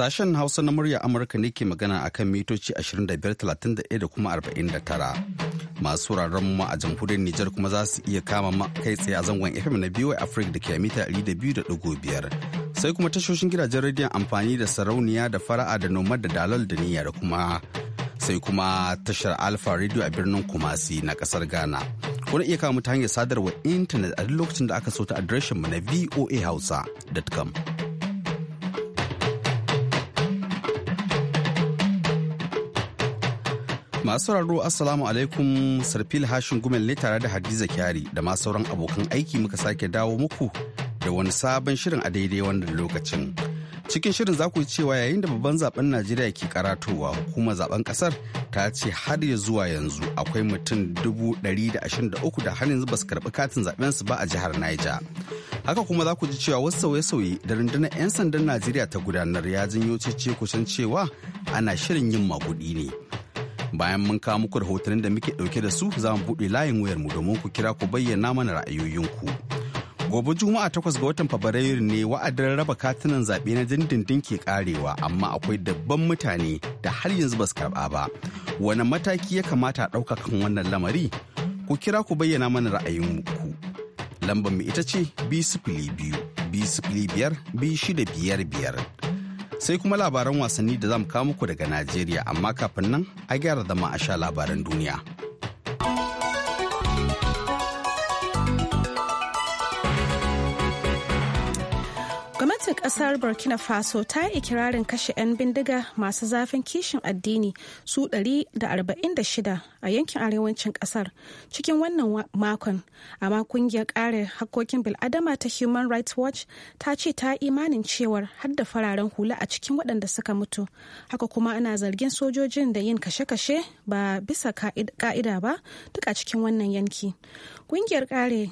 Sashen Hausa na murya Amurka ne ke magana a kan mitoci 25,31 da kuma 49. Masu wuraren mu a jamhuriyar Nijar kuma za su iya kama kai tsaye a zangon FM na BY Africa da ke mita 200.5. Sai kuma tashoshin gidajen rediyon amfani da sarauniya da fara'a da nomad da dalal da niyya da kuma sai kuma tashar alfa Radio a birnin Kumasi na kasar Ghana. Kuna iya kama ta hanyar sadarwa intanet a duk lokacin da aka so ta adireshin mu na voahausa.com. Masu sauraro Assalamu alaikum Sarfil Hashin Gumel ne tare da Hadiza Kyari da ma sauran abokan aiki muka sake dawo muku da wani sabon shirin a daidai wannan lokacin. Cikin shirin za ku yi cewa yayin da babban zaben Najeriya ke karatowa hukumar zaben kasar ta ce har ya zuwa yanzu akwai mutum 123 da da har yanzu ba su karɓi katin zaben su ba a jihar Niger. haka kuma za ku ji cewa wasu sauye-sauye da rundunar 'yan sandan najeriya ta gudanar ya janyo ce kusan cewa ana shirin yin maguɗi ne bayan mun kawo muku rahotannin da muke ɗauke da su za mu buɗe layin wayar mu domin ku kira ku bayyana mana ra'ayoyinku gobe juma'a takwas ga watan fabrairu ne wa'adin raba katunan zaɓe na dindindin ke ƙarewa, amma akwai dabban mutane da har yanzu ba su karɓa ba wani mataki ya kamata a ɗauka kan wannan lamari ku kira ku bayyana mana ra'ayinku lambar mu ita ce b sifili biyu b sifili biyar b shida biyar biyar sai kuma labaran wasanni da zamu kawo muku daga Najeriya amma kafin nan a gyara zama a sha labaran duniya. Gwamnatin kasar Burkina Faso ta yi ikirarin kashe 'yan bindiga masu zafin kishin addini su 146 a yankin arewacin kasar cikin wannan makon, amma kungiyar kare hakkokin bil'adama ta Human Rights Watch ta ce ta imanin cewar har da fararen hula a cikin waɗanda suka mutu. Haka kuma ana zargin sojojin da yin kashe-kashe ba bisa ka'ida ba duk a cikin wannan yanki. Kungiyar kare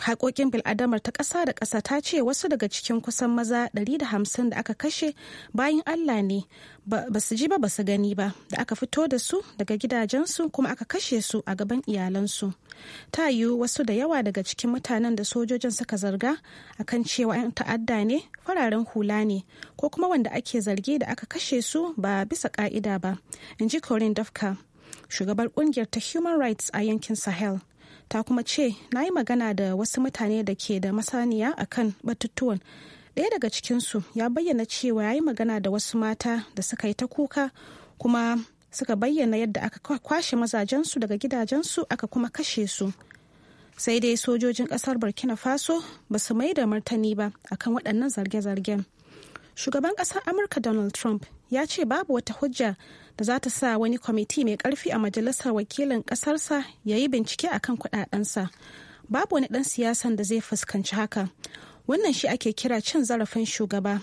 haƙoƙin bil'adamar ta ƙasa da ƙasa ta ce wasu daga cikin kusan maza 150 da aka kashe bayan Allah ne ba su ji ba ba su gani ba da aka fito da su daga gidajensu kuma aka kashe su a gaban iyalansu ta yiwu wasu da yawa daga cikin mutanen da sojojin suka zarga a kan cewa 'yan ta'adda ne fararen hula ne ko kuma wanda ake zargi da aka kashe su ba bisa ka'ida ba in ji corinne dafka shugabar kungiyar ta human rights a yankin sahel ta kuma ce na yi magana da wasu mutane da ke da masaniya akan batutuwan ɗaya daga cikinsu ya bayyana cewa ya yi magana da wasu mata da suka yi ta kuka kuma suka bayyana yadda aka kwashe mazajensu daga gidajensu aka kuma kashe su sai dai sojojin ƙasar burkina faso ba su mai da martani ba akan waɗannan zarge-zargen shugaban ƙasar amurka donald trump ya ce babu wata hujja da za ta sa wani kwamiti mai karfi a majalisar wakilin kasarsa ya yi bincike a kan kudadensa babu wani dan siyasan da zai fuskanci haka wannan shi ake kira cin zarafin shugaba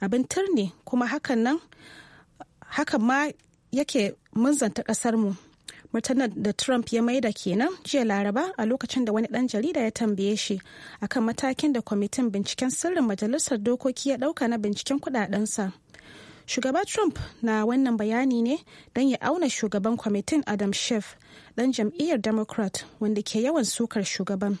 abin turne kuma hakan nan hakan ma yake munzanta kasarmu murtanar da trump ya maida kenan jiya laraba a lokacin da wani dan jarida ya tambaye shi akan matakin da kwamitin binciken sirrin majalisar dokoki ya dauka na binciken kudadensa shugaba trump na wannan bayani ne don ya auna shugaban kwamitin adam shef dan jam'iyyar democrat wanda ke yawan sukar shugaban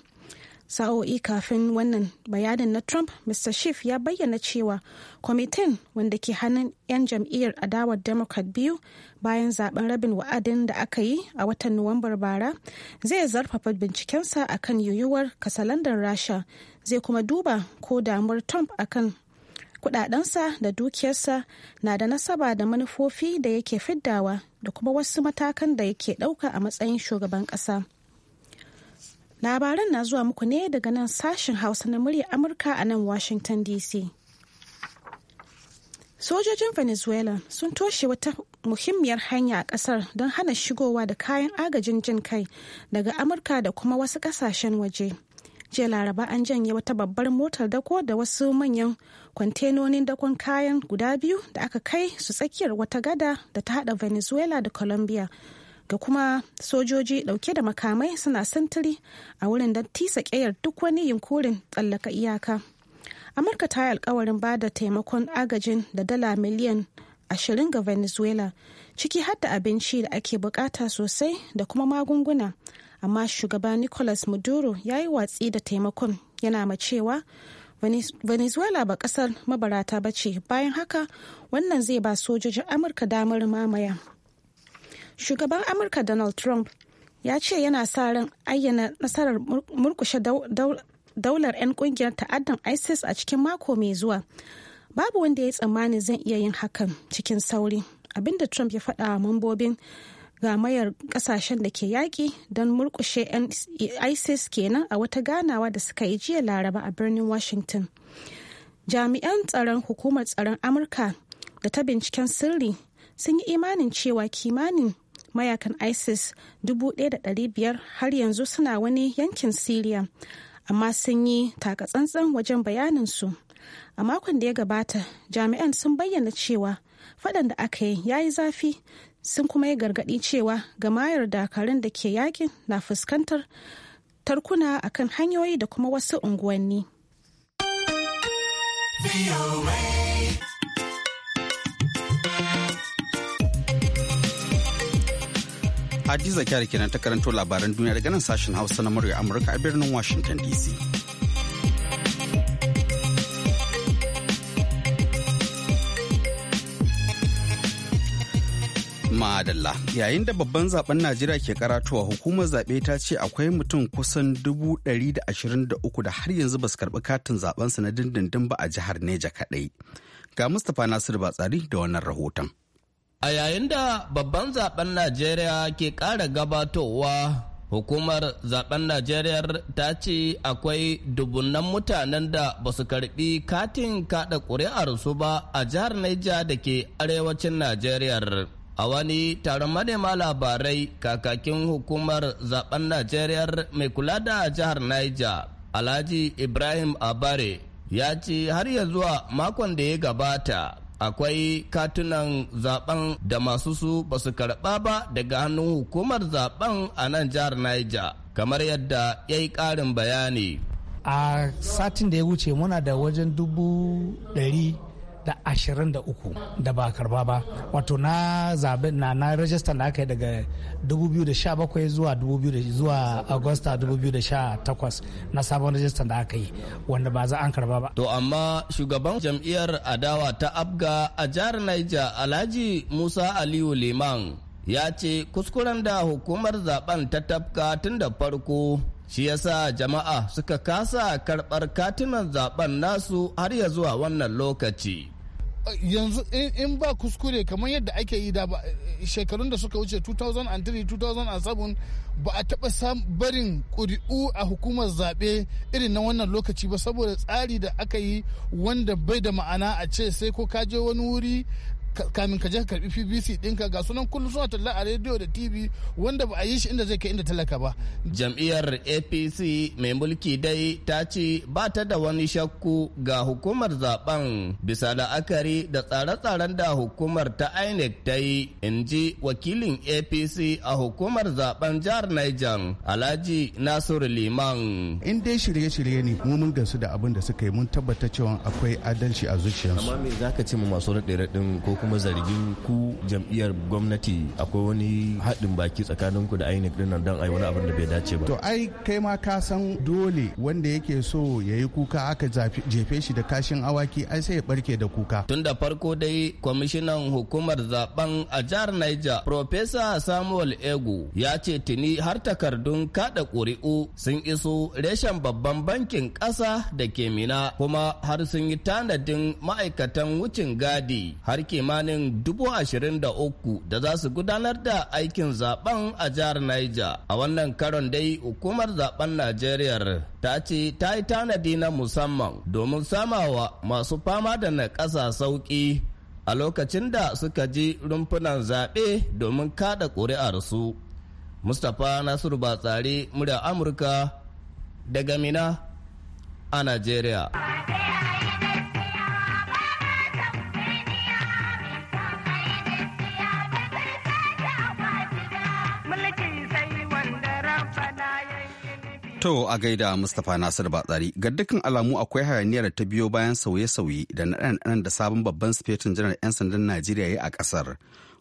sa'o'i kafin wannan bayanin na trump mr Schiff ya bayyana cewa kwamitin wanda ke hannun 'yan jam'iyyar adawar democrat biyu bayan zaben rabin wa'adin da aka yi a watan nuwambar bara zai zarfafa bincikensa akan yiwuwar kasalandar rasha zai kuma duba ko damuwar trump akan kudadensa da dukiyarsa na da nasaba da manufofi da yake fiddawa da kuma wasu matakan da yake dauka a matsayin shugaban kasa labaran na zuwa muku ne daga nan sashen hausa na murya amurka a nan washington dc sojojin venezuela sun toshe wata muhimmiyar hanya a kasar don hana shigowa da kayan agajin jin kai daga amurka da kuma wasu kasashen waje jiya laraba an janye wata babbar motar dako da wasu manyan kwantenonin dakon kayan guda biyu da aka kai su tsakiyar wata gada da ta hada venezuela da colombia ga kuma sojoji dauke da makamai suna sintiri a wurin da tisa kayar duk wani yunkurin tsallaka iyaka amurka ta yi alkawarin ba da taimakon agajin da dala miliyan ashirin ga venezuela ciki har abinci da ake bukata sosai da kuma magunguna amma shugaba nicolas maduro ya yi watsi da taimakon yana cewa venezuela ba kasar mabarata ba ce bayan haka wannan zai ba sojojin amurka damar mamaya shugaban amurka donald trump ya ce yana sa ran ayyana nasarar murkushe daular 'yan kungiyar ta'addan isis a cikin mako mai zuwa babu wanda ya yi tsammanin zan iya yin hakan cikin sauri abinda trump ya faɗa wa mambobin gamayar kasashen da ke yaƙi don murkushe isis kenan a wata ganawa da suka yi jiya laraba a birnin washington jami'an tsaron hukumar tsaron amurka da ta binciken sirri sun yi imanin cewa kimanin mayakan isis 1,500 har yanzu suna wani yankin syria amma sun yi takatsantsan wajen bayaninsu a makon da ya gabata jami'an sun bayyana cewa faɗan da aka yi ya yi zafi sun kuma yi gargaɗi cewa gamayar dakarun da ke yakin na fuskantar tarkuna akan hanyoyi da kuma wasu unguwanni. Hadiza kyar kenan ta karanto labaran duniya daga nan sashen Hausa na murya Amurka a birnin Washington DC. Yayin da babban zaben Najeriya ke karatuwa hukumar zaɓe ta ce akwai mutum kusan dubu ɗari da da har yanzu ba su karɓi katin zaɓensu na dindindin ba a jihar Neja kaɗai. Ga Mustapha Nasiru Batsari da wannan rahoton. A yayin da babban zaben Najeriya ke ƙara gabatowa hukumar zaben najeriya ta ce akwai dubunan mutanen da ba su karbi katin kada ƙuri'arsu ba a jihar neja da ke arewacin najeriya A wani taron manema labarai kakakin hukumar zaben Najeriya mai kula da jihar Niger, Alhaji Ibrahim Abare, ya ce har ya zuwa makon da ya gabata akwai katunan zaben da masu su ba su karɓa ba daga hannun hukumar zaben a nan jihar Niger, kamar yadda ya yi ƙarin bayani. A satin da ya wuce muna da wajen dubu ɗari da ashirin da uku da ba karba ba wato na zaɓe na na rajista da aka yi daga 2017 zuwa zuwa agusta 2018 na sabon rajista da aka yi wanda ba za an karba ba to amma shugaban jam'iyyar adawa ta abga a jihar niger alhaji musa aliyu liman ya ce kuskuren da hukumar zaben ta tafka tun da farko shi yasa jama'a suka kasa karɓar katunan zaben nasu har ya zuwa wannan lokaci yanzu in ba kuskure kamar yadda ake yi da shekarun da suka wuce 2003 2007 ba a taɓa barin ƙuri'u a hukumar zaɓe irin na wannan lokaci ba saboda tsari da aka yi wanda bai da ma'ana a ce sai ko ka je wani wuri kamin ka je ka karbi pbc dinka ga sunan kullum suna talla a rediyo da tv wanda ba a yi shi inda zai kai inda talaka ba jam'iyyar apc mai mulki dai ta ce ba ta da wani shakku ga hukumar zaben bisa la'akari da tsare-tsaren da hukumar ta inec ta yi in ji wakilin apc a hukumar zaben jihar niger alhaji nasiru liman in dai shirye-shirye ne mu mun gansu da abin da suka yi mun tabbata cewa akwai adalci a zuciyarsu amma me zaka ce mu masu raɗe-raɗin ko kuma zargin ku jam'iyyar gwamnati akwai wani haɗin baki tsakanin ku da INEC din nan don ai wani abin da bai dace ba to ai kai ma ka san dole wanda yake so ya yi kuka aka jefe shi da kashin awaki ai sai ya barke da kuka tun da farko dai kwamishinan hukumar zaben a jihar Niger profesa Samuel Ego ya ce tuni har takardun kaɗa ƙuri'u sun iso reshen babban bankin ƙasa da ke mina kuma har sun yi tanadin ma'aikatan wucin gadi har kima kimanin dubu ashirin da uku da za su gudanar da aikin zaben a jihar Niger. A wannan karon dai hukumar zaben Najeriya ta ce ta yi tanadi na musamman domin samawa masu fama da na ƙasa sauƙi a lokacin da suka ji rumfunan zaɓe domin kada ƙuri'arsu. Mustapha Nasiru Batsari, murya Amurka, daga Mina a Najeriya. To a gaida Mustapha Nasir Batsari ga dukkan alamu akwai hayaniyar ta biyo bayan sauye-sauye da naɗan da sabon babban sifetin janar 'yan sandan Najeriya ya a ƙasar.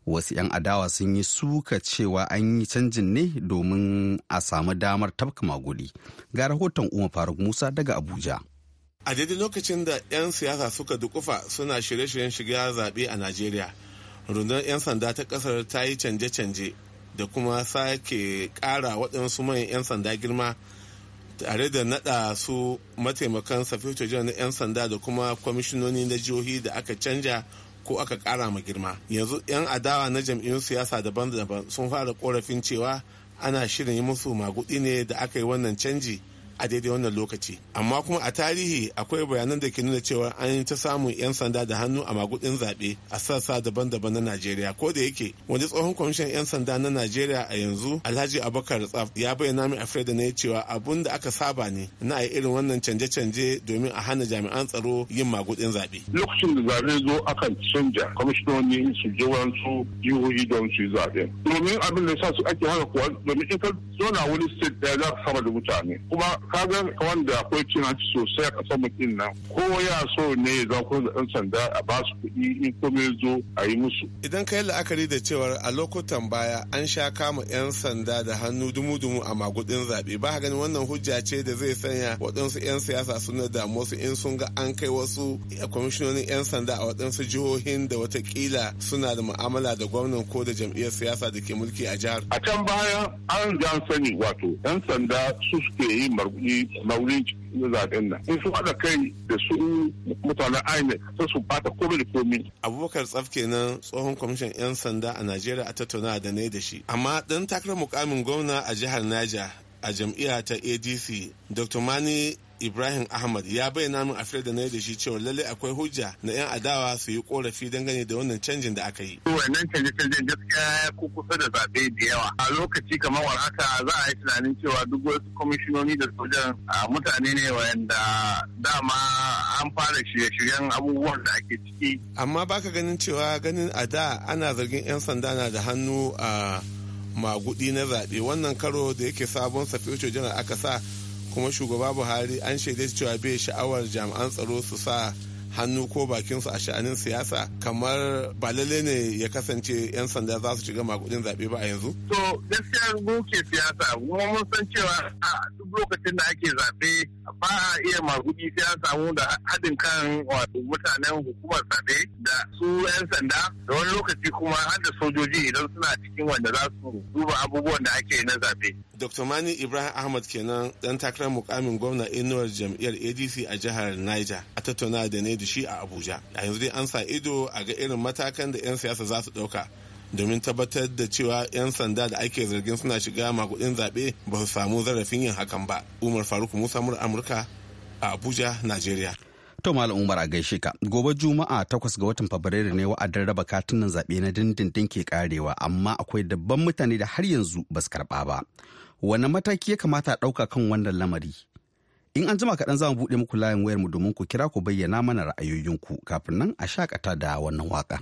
Wasu 'yan adawa sun yi suka cewa an yi canjin ne domin a samu damar tafka magudi. Ga rahoton Umar Faruk Musa daga Abuja. A daidai lokacin da 'yan siyasa suka dukufa suna shirye-shiryen shiga zaɓe a Najeriya, rundunar 'yan sanda ta ƙasar ta yi canje-canje da kuma sake kara waɗansu manyan 'yan sanda girma tare da nada su mataimakan safeto jiran na 'yan sanda da kuma kwamishinoni na jihohi da aka canja ko aka kara ma girma yanzu 'yan adawa na jam'iyyun siyasa daban-daban sun fara korafin cewa ana shirin yi musu magudi ne da aka yi wannan canji a daidai wannan lokaci amma kuma a tarihi akwai bayanan da ke nuna cewa an yi ta samun 'yan sanda da hannu a magudin zaɓe a sassa daban-daban na najeriya ko da yake wani tsohon kwamishin 'yan sanda na najeriya a yanzu alhaji abubakar tsaf ya bayyana min afirka da na cewa abun da aka saba ne na a irin wannan canje-canje domin a hana jami'an tsaro yin magudin zaɓe. lokacin da zaɓe zo akan canja kwamishinoni su je wasu jihohi don su yi zaɓe domin abin da sa su ake hana kuwa domin in ka zo na wani state ɗaya za ka sama da mutane kuma kaga wanda akwai cin sosai a ƙasar mutum nan ko ya so ne ya ku da ɗan sanda a ba su kuɗi in komai zo a yi musu. Idan ka yi la'akari da cewar a lokutan baya an sha kama 'yan sanda da hannu dumu-dumu a magudin zaɓe ba gani wannan hujja ce da zai sanya waɗansu 'yan siyasa suna damu su in sun ga an kai wasu kwamishinonin 'yan sanda a waɗansu jihohin da watakila suna da mu'amala da gwamnan ko da jam'iyyar siyasa da ke mulki a jihar. A can baya an sani wato 'yan sanda su suke yin margu yi na zaben nan in sun haɗa kai da su mutanen inec sai su bata komai da komai abubakar tsaf kenan tsohon kwamishin 'yan sanda a najeriya a tattauna da ne da shi amma dan takarar mukamin gwamna a jihar naja a jam'iyya ta adc dr mani Ibrahim Ahmad ya bayyana min a da na da shi cewa lallai akwai hujja na 'yan adawa su yi korafi dangane da wannan canjin da aka yi. Wannan canje canje gaskiya ya kusa da zaɓe da yawa. A lokaci kamar haka za a yi tunanin cewa duk wasu kwamishinoni da sojan mutane ne wanda dama an fara shirye-shiryen abubuwan da ake ciki. Amma baka ganin cewa ganin a da ana zargin 'yan sanda na da hannu a magudi na zaɓe wannan karo da yake sabon safiyo jana aka sa kuma shugaba buhari an shaida cewa bai sha'awar jami'an tsaro su sa hannu ko bakinsu a sha'anin siyasa kamar ba lalle ne ya kasance 'yan sanda za su shiga makudin zaɓe ba a yanzu? To gaskiya mu ke siyasa kuma mun san cewa a duk lokacin da ake zaɓe ba a iya makudi siyasa an da haɗin kan wato mutanen hukumar zaɓe da su 'yan sanda da wani lokaci kuma har da sojoji idan suna cikin wanda za su duba abubuwan da ake na zaɓe. Dr. Mani Ibrahim Ahmad kenan dan takarar mukamin gwamna inuwar jam'iyyar ADC a jihar Niger a tattauna da ne da shi a abuja a yanzu dai an sa ido a ga irin matakan da 'yan siyasa za su ɗauka domin tabbatar da cewa 'yan sanda da ake zargin suna shiga makudin zaɓe ba su samu zarafin yin hakan ba umar faruk musa mur amurka a abuja nigeria to malam umar a gaishe ka gobe juma'a takwas ga watan fabrairu ne wa'adar raba katunan zaɓe na dindindin ke karewa amma akwai dabban mutane da har yanzu ba su karɓa ba wani mataki ya kamata a ɗauka kan wannan lamari In an jima kaɗan za mu buɗe muku layin wayar wayarmu domin ku kira ku bayyana mana ra'ayoyinku kafin nan a shakata da wannan waƙa.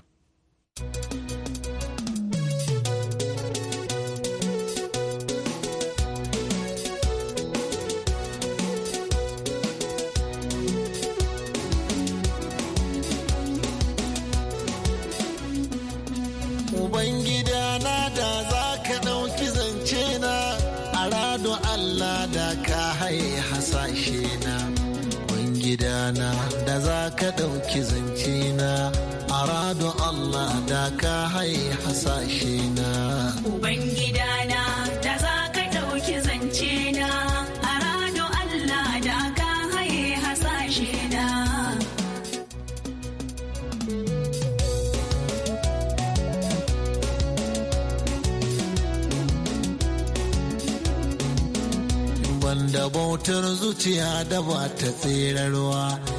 ka ɗauki zance na rado Allah da ka hai hasashe na ubangida na da za ka ɗauki zance na rado Allah da ka hai hasashe na banda bautar zuciya da ba ta tsirarwa.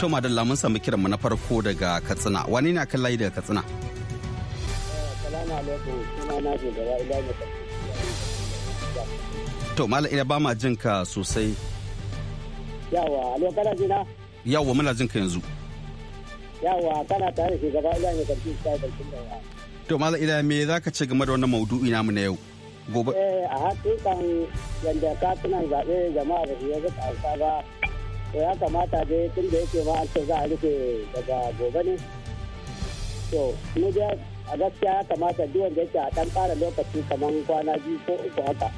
To madalla mun samu kiran mu na farko daga Katsina. Wani ne akan layi daga Katsina? To mala ina ba ma jin ka sosai. Yawa, alo kana jina Yawa muna jin ka yanzu. Yawa kana tare shi gaba ila ne karfi sai da kin da To mala ila me zaka ce game da wannan maudu'i namu na yau? Gobe. Eh a hakikan yanda ka tunan zabe jama'a da su yanzu ka ba to ya kamata dai tun da yake ma ake za a rufe daga gobe ne to mu ga a gaskiya ya kamata duk wanda yake a ɗan ƙara lokaci kamar kwana biyu ko uku haka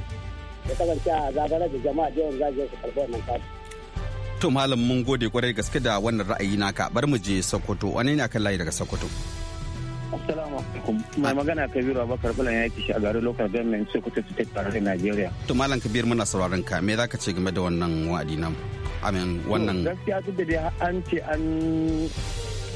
ya kasance a zabarar da jama'a da yawan zaje su karɓi wannan kasu. to malam mun gode kwarai gaske da wannan ra'ayi naka bar mu je sokoto wani ne akan layi daga sokoto. Assalamu alaikum. Mai magana Kabiru Abubakar Bulan ya kishi a garin Local Government Sokoto State Tarayyar Najeriya. To Malam Kabir muna sauraron ka me zaka ce game da wannan wa'adi namu? amin wannan gaskiya duk da dai an ce an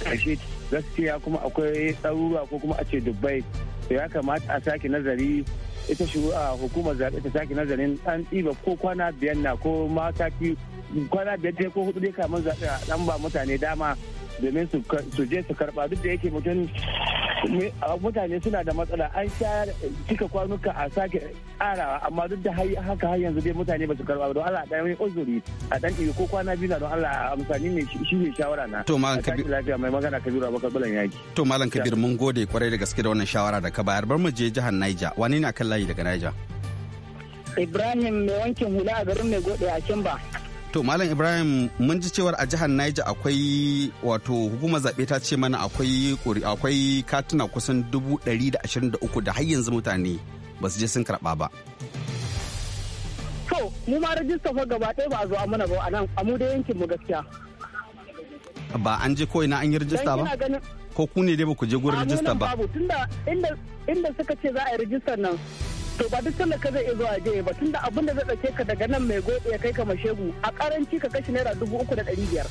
kashe gaskiya kuma akwai tsaruwa ko kuma a ce dubai da ya kamata a sake nazari ita shi a hukumar zaɓe ta sake nazarin an ɗiba ko kwana biyan na ko mata fi kwana biyar dai ko hudu dai kamar zaɓe a ɗan ba mutane dama domin su je su karɓa duk da yake mutum mutane suna da matsala an shayar cika kwanuka a sake arawa amma duk da haka har yanzu dai mutane ba su karba don Allah da dan uzuri a dan iri ko kwana biyu don Allah amsani ne shi ne shawara na to malam kabir lafiya mai magana kabiru ka bulan yaki to malam kabir mun gode kwarai da gaske da wannan shawara da ka bayar bar mu je jihar Niger wani ne akan layi daga Niger Ibrahim mai wankin hula a garin mai gode a Kimba To Malam Ibrahim mun ji cewar a jihar Niger akwai wato hukumar zaɓe ta ce mana akwai akwai katuna kusan 123 da har yanzu mutane ba su je sun karɓa ba. To mu ma rajista fa gaba ɗaya ba a zo a mana ba a nan a mu da yankin mu gaskiya. Ba an je kawai na an yi rajista ba? Ko ku ne dai ba ku je gurin rajista ba? Tunda inda suka ce za a yi rajistar nan to ba duk tallaka zai iya zuwa je ba tunda abin da zai ɗauke ka daga nan mai gobe ya kai ka mashegu a karanci ka kashi naira dubu uku da ɗari biyar.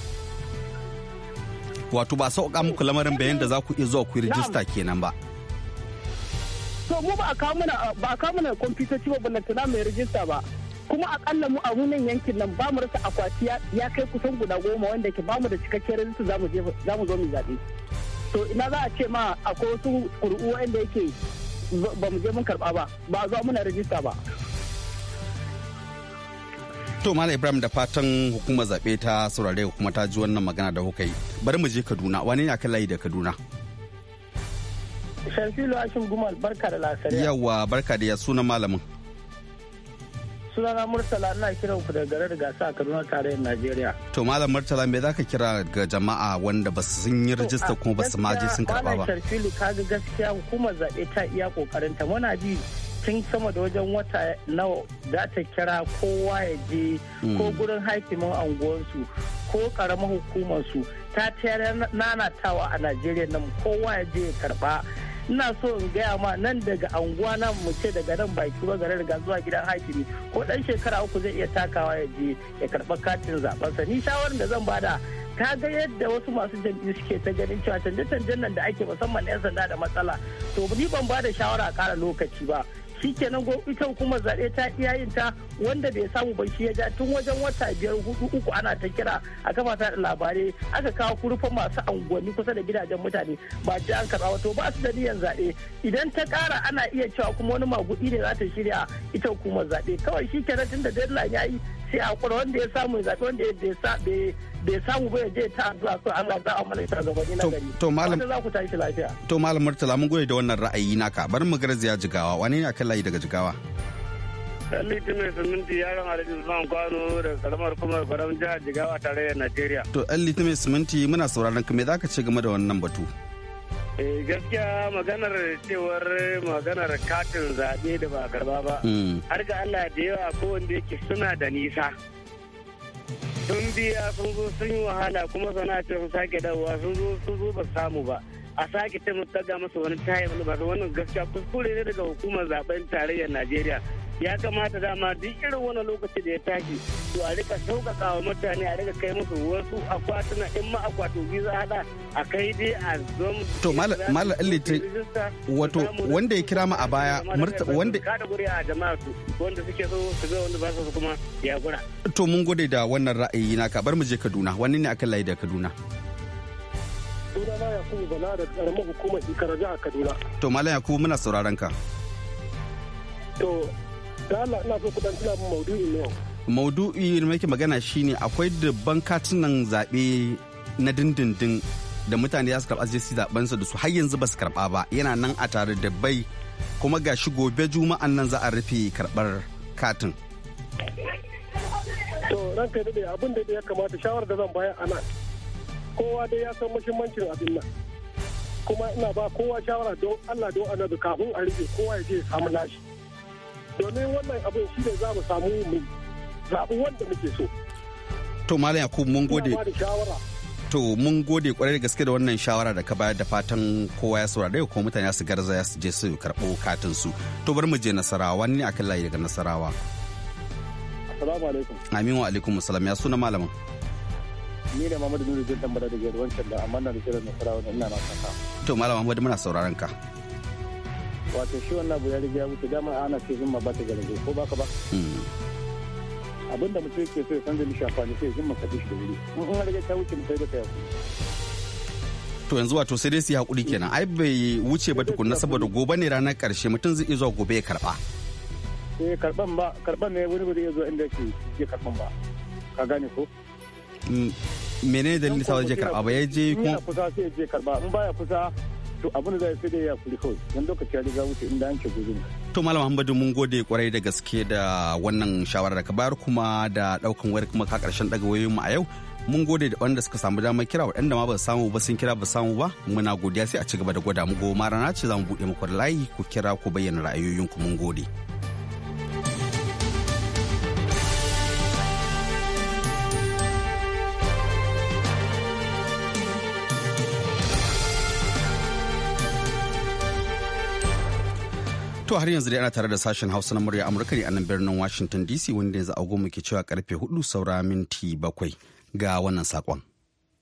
wato ba sauƙa muku lamarin bayan da za ku iya zuwa ku yi rijista kenan ba. to mu ba a kawo mana ba a kawo mana kwamfutoci ba ballantana mai rijista ba kuma akalla mu a wannan yankin nan ba mu rasa akwati ya kai kusan guda goma wanda ke ba mu da cikakken rijista za mu zo mu zaɓe to ina za a ce ma akwai wasu ƙuri'u wanda yake ba mu je mun karba ba ba zuwa muna rajista ba to malam ibrahim da fatan hukumar zaɓe ta saurare kuma ta ji wannan magana da kuka yi bari mu je kaduna wani ne akan layi da kaduna shamsilu hashim gumal barka da lasariya yawa barka da ya suna malamin sunana Murtala ina kiran ku daga garin gasa a Kaduna tarayyar Najeriya. To Malam Murtala me zaka kira ga jama'a wanda ba su yi rajista kuma ba su ma je sun karba ba. Malam ka kaga gaskiya hukumar zaɓe ta iya kokarin muna ji tun sama da wajen wata nawa za ta kira kowa ya je hmm. ko gurin haikimin anguwansu ko karamar hukumarsu ta tayar nanatawa a Najeriya nan kowa ya je ya karba ina so in gaya ma nan daga anguwa na mu ce daga nan baki ba garin ga zuwa gidan hakimi ko dan shekara uku zai iya takawa ya je ya karba katin zaben sa ni shawarar da zan bada ka ga yadda wasu masu jam'iyyu suke ta ganin cewa canje-canjen nan da ake musamman 'yan sanda da matsala to ni ban bada shawara a kara lokaci ba shi shikenan ita kuma zaɓe ta iya yin ta wanda bai samu ba shi ya ja tun wajen wata biyar hudu uku ana ta kira a kafa ta labarai aka kawo kurfan masu anguwanni kusa da gidajen mutane ba ji an karɓa wato ba su da niyan zaɓe idan ta ƙara ana iya cewa kuma wani magudi ne za ta shirya ita hukumar zaɓe kawai shi kenan tun da deadline ya yi sai a kura wanda ya samu ya zaɓe wanda ya bai samu ba ya je ta zuwa so Allah za a mana shugabanni na gari. To malam za ku tashi lafiya. To malam Murtala mun goyi da wannan ra'ayi naka bari mu garzaya jigawa wane ne akan layi daga jigawa? Daliti mai siminti yaron Alhaji Usman Kwano da karamar kuma kwaram jihar Jigawa tare da Najeriya. To Daliti mai siminti muna sauraron ka me ka ce game da wannan batu? Eh gaskiya maganar cewar maganar katin zaɓe da ba karba ba. Hmm. Har ga Allah da yawa ko kowanne yake suna da nisa. Sun biya sun zo sun yi wahala kuma sana sun sake dawowa sun zo sun zo ba samu ba. a sake ta daga masa wani tayin ba wannan gaskiya kuskure ne daga hukumar zaben tarayyar Najeriya ya kamata dama duk irin wani lokaci da ya tashi to a rika sauƙaƙa wa mutane a rika kai musu wasu akwatuna in ma akwato biyu za haɗa a kai dai a zom to malam allita wato wanda ya kira mu a baya wanda kada guri a jama'a su wanda suke so su ga wanda ba su kuma ya gura to mun gode da wannan ra'ayi na ka bar mu je Kaduna wani ne akan layi da Kaduna sunana Yakubu Bala da karamar hukumar Ikaraja a Kaduna to malam Yakubu muna sauraron ka to Allah ina so kudan tuna maudu'in yau. Maudu'i da muke magana shine akwai dubban katunan zaɓe na dindindin da mutane za su karɓa su zaɓen su da su har yanzu ba su karɓa ba yana nan a tare da bai kuma ga shi gobe juma'an nan za a rufe karɓar katin. To ranka daɗe abin da ya kamata shawar da zan bayar a nan kowa dai ya san muhimmancin abin nan kuma ina ba kowa shawara don Allah don annabi kafin a rufe kowa ya je ya samu nashi. domin wannan abin shi ne za mu samu mu zaɓi wanda muke so. To Malam Yakub mun gode. To mun gode kwarai da gaske da wannan shawara da ka bayar da fatan kowa ya saurare ko mutane su garzaya su je su karɓo katin su. To bar mu je Nasarawa ne akan layi daga Nasarawa. Assalamu alaikum. Amin wa alaikum salam ya suna malamin. Ni da Muhammadu Nuru zai Tambara da Gero wancan da amma na da shirin Nasarawa da ina na kanka. To Malam Muhammadu muna sauraron ka. wato shi wannan abu ya riga ya wuce dama ana ce zuma ba ta galaje ko baka ba hmm. abinda da mutum ke so ya san da shafa ne sai zuma ka fi da wuri in an riga ta wuce mutum da yaku to yanzu wato sai dai su yi hakuri kenan ai bai wuce ba tukunna saboda gobe ne ranar karshe mutum zai iya zuwa gobe ya karba eh karban ba karban ne wani ba zai iya zuwa inda yake ya karban ba ka gane ko hmm. Mene dalilin sa zai karba ba ya je kuma kusa sai ya je karba in baya kusa to abin da sai dai ya kuli kawai don lokaci ya riga wuce inda an ce to malam Muhammadu mun gode kwarai da gaske da wannan shawarar da ka bayar kuma da daukan wayar kuma ka karshen daga wayoyin mu a yau mun gode da wanda suka samu damar kira waɗanda ma ba samu ba sun kira ba samu ba muna godiya sai a ci gaba da gwada mu goma rana ce za mu buɗe muku layi ku kira ku bayyana ra'ayoyinku mun gode. To har yanzu dai ana tare da sashen Hausa na murya Amurka ne a nan birnin Washington DC wanda yanzu goma ke cewa karfe hudu saura minti bakwai ga wannan sakon.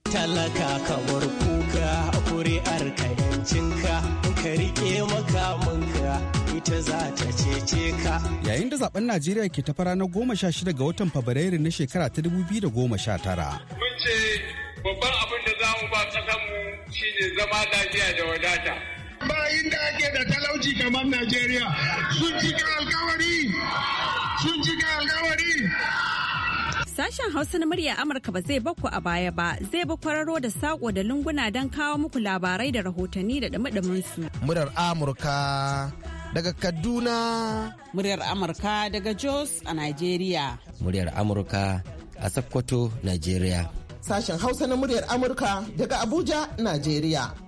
Talaka ka bar kuka kuri'ar ka yancinka ka rike makamanka ita za ta cece ka. Yayin da zaben Najeriya ke ta fara na goma sha shida ga watan Fabrairu na shekara ta dubu biyu da goma sha tara. Mun ce babban abin da za mu ba shi shine zama lafiya da wadata. bayin da ake da talauci kamar Najeriya sun cika alkawari sun cika alkawari Sashen Hausa na murya Amurka ba zai bakku a baya ba zai ba kwararo da sako da lunguna don kawo muku labarai da rahotanni da dumi su. Murar Amurka daga Kaduna. Muryar Amurka daga Jos a Najeriya. Muryar Amurka a Sokoto, Najeriya. Sashen Hausa na muryar Amurka daga Abuja, Najeriya.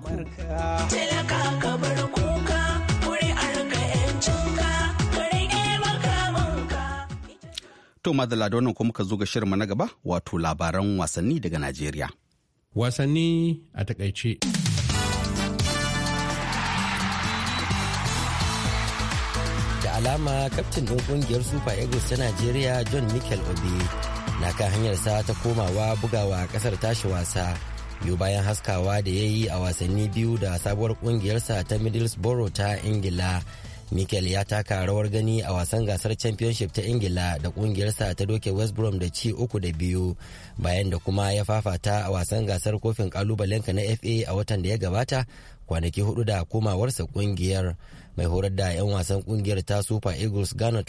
ku. To madalla da wannan kuma ka zo ga shirma na gaba wato labaran wasanni daga Najeriya. Wasanni a takaice. Da alama kaftin ɗin ƙungiyar Super Eagles ta Najeriya John Michael Obi na kan hanyarsa ta komawa bugawa ƙasar tashi wasa biyu bayan haskawa da ya yi a wasanni biyu da sabuwar kungiyarsa ta middlesbrough ta ingila mikel ya taka rawar gani a wasan gasar championship ta ingila da kungiyarsa ta doke west brom da ci uku da biyu bayan da kuma ya fafata a wasan gasar kofin kalubalenka na fa a watan da ya gabata kwanaki hudu da komawarsa kungiyar mai horar da 'yan wasan kungiyar ta super eagles ghana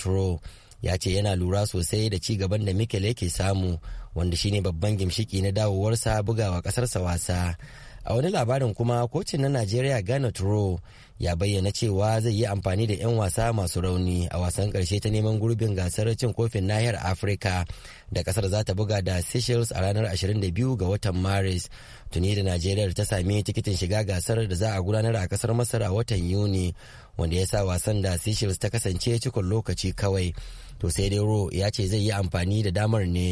ya ce yana lura sosai da ci gaban da mikel yake samu wanda shine babban gimshiki na dawowarsa bugawa kasarsa wasa a wani labarin kuma kocin na najeriya ghana turo ya bayyana cewa zai yi amfani da 'yan wasa masu rauni a wasan karshe ta neman gurbin gasar cin kofin nahiyar afirka da kasar za ta buga da seychelles a ranar 22 ga watan maris tuni da najeriya ta sami tikitin shiga gasar da za a gudanar a kasar masar a watan yuni wanda ya sa wasan da seychelles ta kasance cikin lokaci kawai to sai dai ro ya ce zai yi amfani da damar ne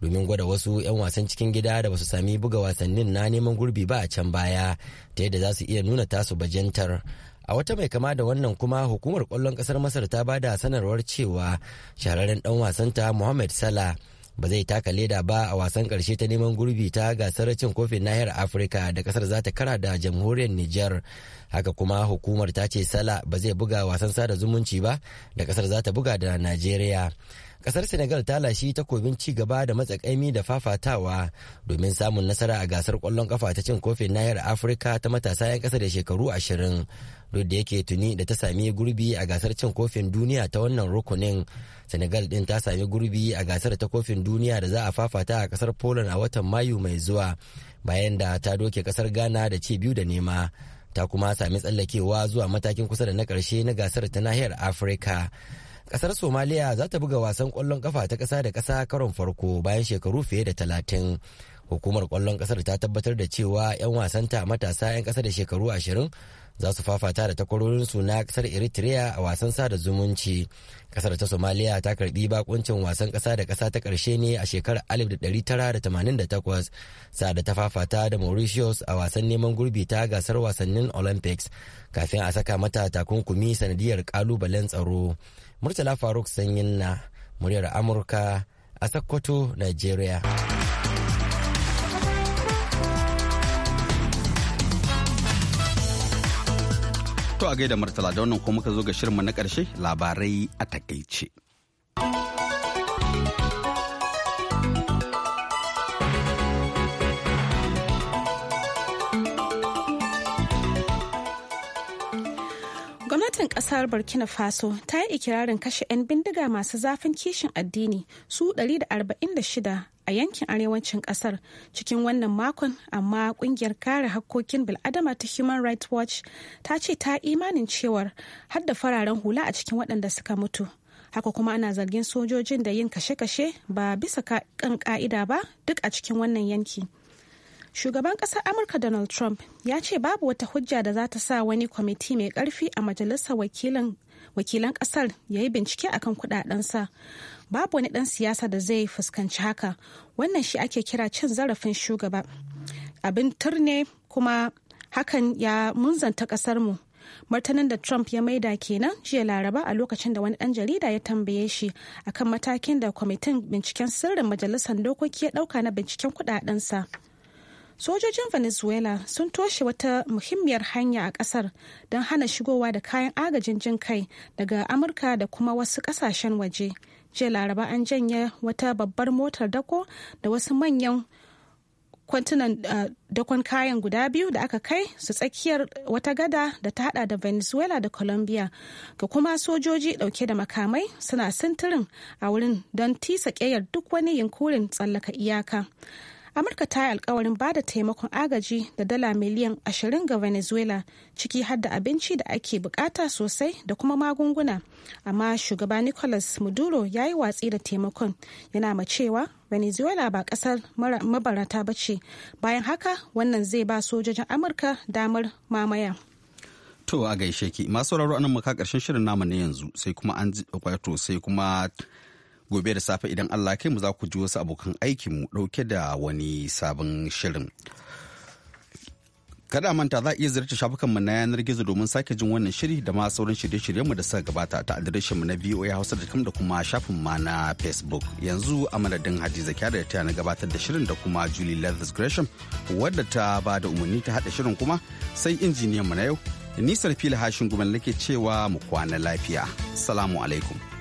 domin gwada wasu 'yan wasan cikin gida da basu sami buga wasannin na neman gurbi ba a can baya ta yadda za su iya nuna tasu bajantar a wata mai kama da wannan kuma hukumar kwallon kasar masar ta bada sanarwar cewa shahararren dan wasanta muhammad salah ba zai taka leda ba a wasan karshe ta neman gurbi ta gasar cin kofin nahiyar afirka da kasar za ta kara da jamhuriyar niger haka kuma hukumar ta ce sala ba zai buga wasan sada zumunci ba da kasar za ta buga da najeriya kasar senegal ta lashi takobin ci gaba da matsakaimi da fafatawa domin samun nasara a gasar kwallon kafa ta cin kofin nahiyar afirka ta matasa 'yan kasa da shekaru ashirin duk da yake tuni da ta sami gurbi a gasar cin kofin duniya ta wannan rukunin senegal din ta sami gurbi a gasar ta kofin duniya da za a fafata a kasar poland a watan mayu mai zuwa bayan da ta doke kasar ghana da ci biyu da nema ta kuma sami tsallakewa zuwa matakin kusa da na karshe na gasar ta nahiyar afirka kasar somaliya za ta buga wasan kwallon kafa ta kasa da kasa karon farko bayan shekaru fiye da talatin hukumar kwallon kasar ta tabbatar da cewa 'yan wasanta matasa 'yan kasa da shekaru ashirin za su fafata da takwarorinsu na ƙasar eritrea a wasan sada zumunci kasar ta somaliya ta karbi bakuncin wasan ƙasa da ƙasa ta ƙarshe ne a shekarar 1988 da ta fafata da mauritius a wasan neman gurbi ta gasar wasannin olympics kafin a saka mata takunkumi sanadiyar ƙalubalen tsaro murtala faruk sanyin na muryar amurka a sakkwato nigeria To a gaida martala da wannan kuma muka zo ga shirinmu na ƙarshe labarai a takaice. Gwamnatin kasar Burkina Faso ta yi ikirarin kashe 'yan bindiga masu zafin kishin addini su 146 a yankin arewacin kasar cikin wannan makon amma kungiyar kare hakkokin bil'adama ta human rights watch ta ce ta imanin cewar hadda fararen hula a cikin waɗanda suka mutu haka kuma ana zargin sojojin da yin kashe-kashe ba bisa kan ka'ida ba duk a cikin wannan yanki. shugaban ƙasar amurka donald trump ya ce babu wata hujja da za ta sa wani kwamiti mai karfi a majalisar wakilan ƙasar ya yi bincike akan kudadensa babu wani ɗan siyasa da zai fuskanci haka wannan shi ake kira cin zarafin shugaba abin turne kuma hakan ya munzanta mu martanin da trump ya maida kenan jiya laraba a lokacin da wani dan jarida ya tambaye shi akan matakin da kwamitin binciken sirrin majalisar dokoki ya dauka na binciken kudadensa. sojojin venezuela sun toshe wata muhimmiyar hanya a kasar don hana shigowa da kayan agajin jin kai daga amurka da kuma wasu kasashen waje jiya laraba an janye wata babbar motar dako da wasu manyan kwantunan eh, dakon kayan guda biyu da aka kai su tsakiyar wata gada da ta hada da venezuela da colombia ga kuma sojoji dauke da makamai suna sintirin a wurin don tisa keyar duk wani yunkurin tsallaka iyaka amurka ta yi alkawarin ba da taimakon agaji da dala miliyan 20 ga venezuela ciki har da abinci da ake bukata sosai da kuma magunguna amma shugaba nicolas maduro ya yi watsi da taimakon yana macewa venezuela ba kasar mabarata ba ce bayan haka wannan zai ba sojojin amurka damar mamaya to a gaishe ki masu sauraro anan maka karshen shirin namu ne yanzu sai kuma an wato sai kuma gobe da safe idan Allah kai mu za ku ji wasu abokan mu ɗauke da wani sabon shirin. Kada manta za a iya ziyarci shafukanmu na yanar gizo domin sake jin wannan shiri da ma sauran shirye-shiryenmu da suka gabata ta adireshinmu na hausa da kuma shafin ma na Facebook. Yanzu a madadin Hadiza kyara da ta na gabatar da shirin da kuma Julie Leathers Gresham wadda ta ba da umarni ta hada shirin kuma sai injiniyan mu na yau. Nisar fili hashin na ke cewa mu kwana lafiya. Salamu alaikum.